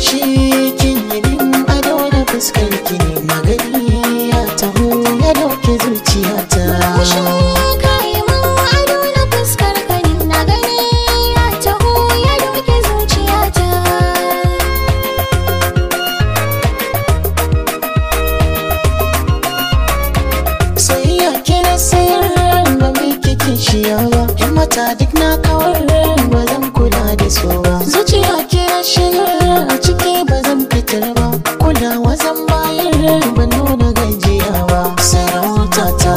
she ba yan mata duk na kawar ba zan kula da su ba zuciya ke shigar a ciki ba zan fitar ba kulawa zan bayar ban nuna gajiya ba sarauta ta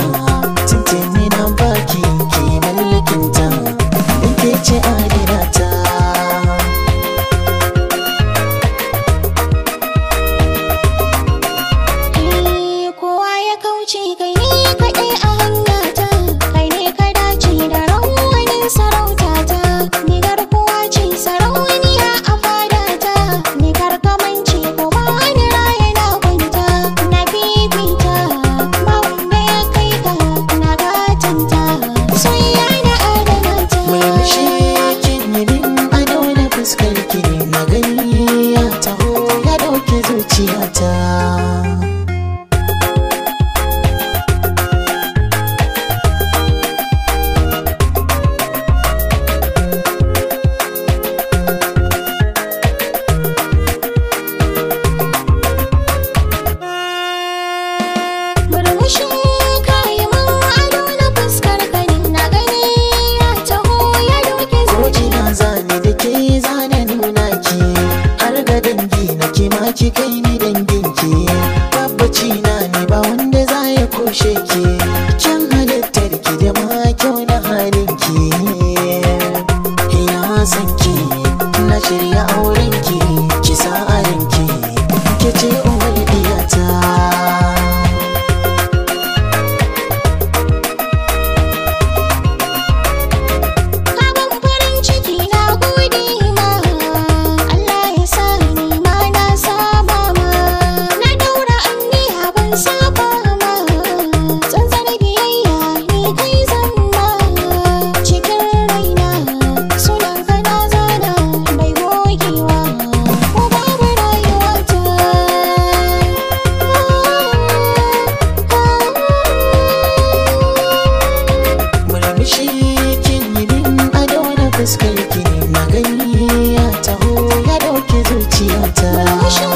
you